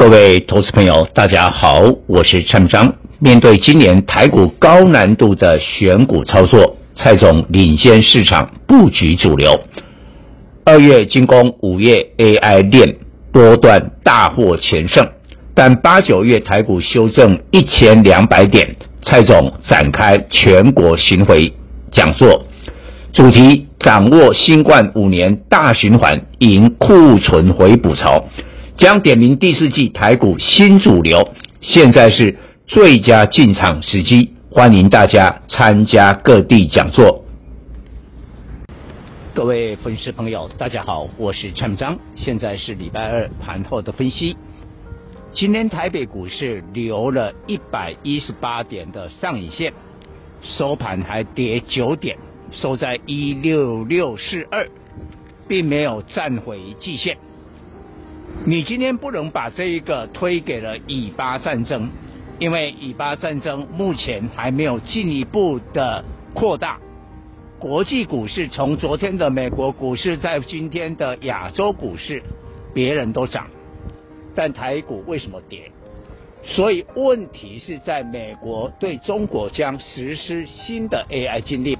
各位投資朋友，大家好，我是蔡明彰。面對今年台股高難度的選股操作，蔡總領先市場佈局主流。二月進攻五月 AI 鏈波段大獲全勝，但八九月台股修正一千兩百點，蔡總展開全國巡迴講座，主題掌握新冠五年大循環，迎庫存回補潮。將點名第四季台股新主流。現在是最佳進場時機，歡迎大家參加各地講座。各位粉絲朋友，大家好，我是蔡明彰，現在是禮拜二盤後的分析。今天台北股市留了一百一十八點的上影線，收盤還跌九點，收在一六六四二，並沒有站回季線。你今天不能把這一個推給了以巴戰爭，因為以巴戰爭目前還沒有進一步的擴大。國際股市從昨天的美國股市，在今天的亞洲股市，別人都漲，但台股為什麼跌？所以問題是在美國對中國將實施新的 AI 禁令。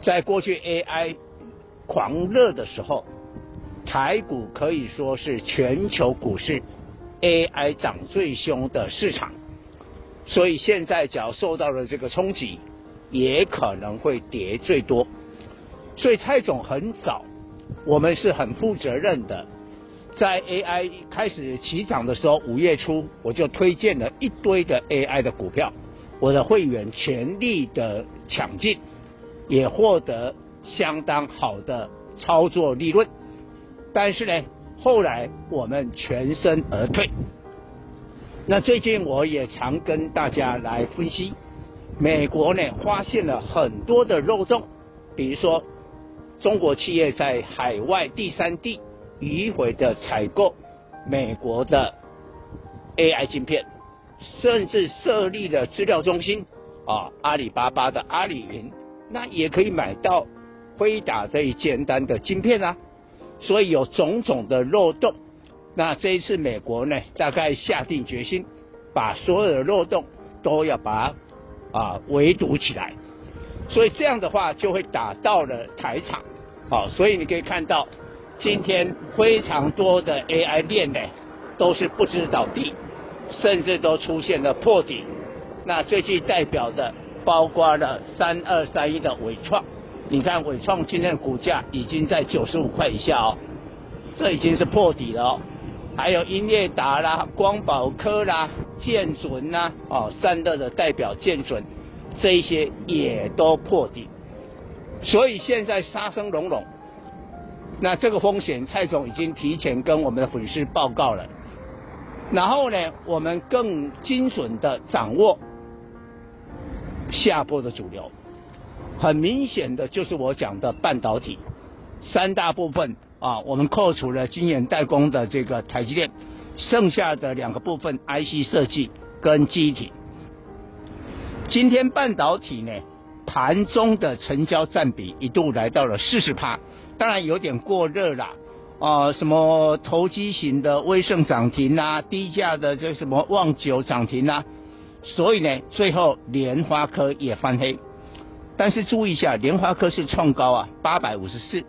在過去 AI 狂熱的時候，台股可以說是全球股市 AI 漲最兇的市場，所以現在只要受到了這個衝擊，也可能會跌最多。所以蔡總很早，我們是很負責任的，在 AI 開始起漲的時候，五月初我就推薦了一堆的 AI 的股票，我的會員全力的搶進，也獲得相當好的操作利潤。但是呢，後來我們全身而退。那最近我也常跟大家來分析，美國呢發現了很多的漏洞，比如說，中國企業在海外第三地迂迴的採購美國的 AI 晶片，甚至設立了資料中心啊，阿里巴巴的阿里雲，那也可以買到輝達這一簡單的晶片啊。所以有種種的漏洞，那這一次美國呢，大概下定決心，把所有的漏洞都要把它啊圍堵起來，所以這樣的話就會打到了台場，啊，所以你可以看到今天非常多的 AI 鏈呢都是不知道底，甚至都出現了破底，那最具代表的包括了三二三一的緯創。你看偉創今天的股價已經在九十五塊以下哦，這已經是破底了哦。還有英業達啦、光寶科啦、建準吶，哦，三樂的代表建準，這一些也都破底。所以現在殺聲隆隆，那這個風險蔡總已經提前跟我們的粉絲報告了。然後呢，我們更精準地掌握下波的主流。很明顯的就是我講的半導體三大部分啊，我們扣除了晶圓代工的這個台積電，剩下的兩個部分 IC 設計跟記憶體。今天半導體呢盤中的成交占比一度來到了四十趴，當然有點過熱了啊，什麼投機型的威盛漲停啊，低價的這什麼旺久漲停啊，所以呢最後聯發科也翻黑。但是注意一下，聯發科是創高啊，八百五十四，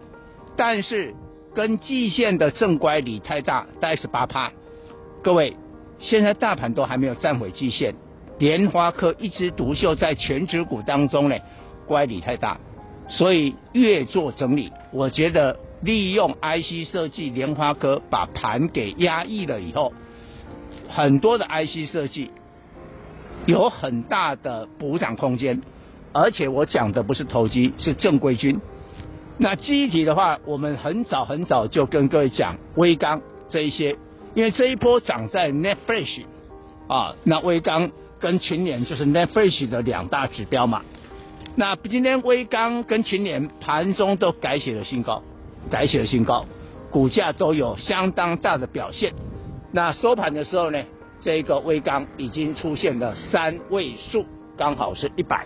但是跟季線的正乖離太大，大概是八趴。各位，現在大盤都還沒有站回季線，聯發科一枝獨秀在權值股當中呢，乖離太大，所以越做整理。我覺得利用 IC 設計聯發科把盤給壓抑了以後，很多的 IC 設計有很大的補漲空間。而且我講的不是投機，是正規軍。那記憶體的話，我們很早很早就跟各位講威剛這一些，因為這一波漲在 NAND Flash 啊、哦，那威剛跟群聯就是 NAND Flash 的兩大指標嘛。那今天威剛跟群聯盤中都改寫了新高，改寫了新高，股價都有相當大的表現。那收盤的時候呢，這個威剛已經出現了三位數，剛好是一百。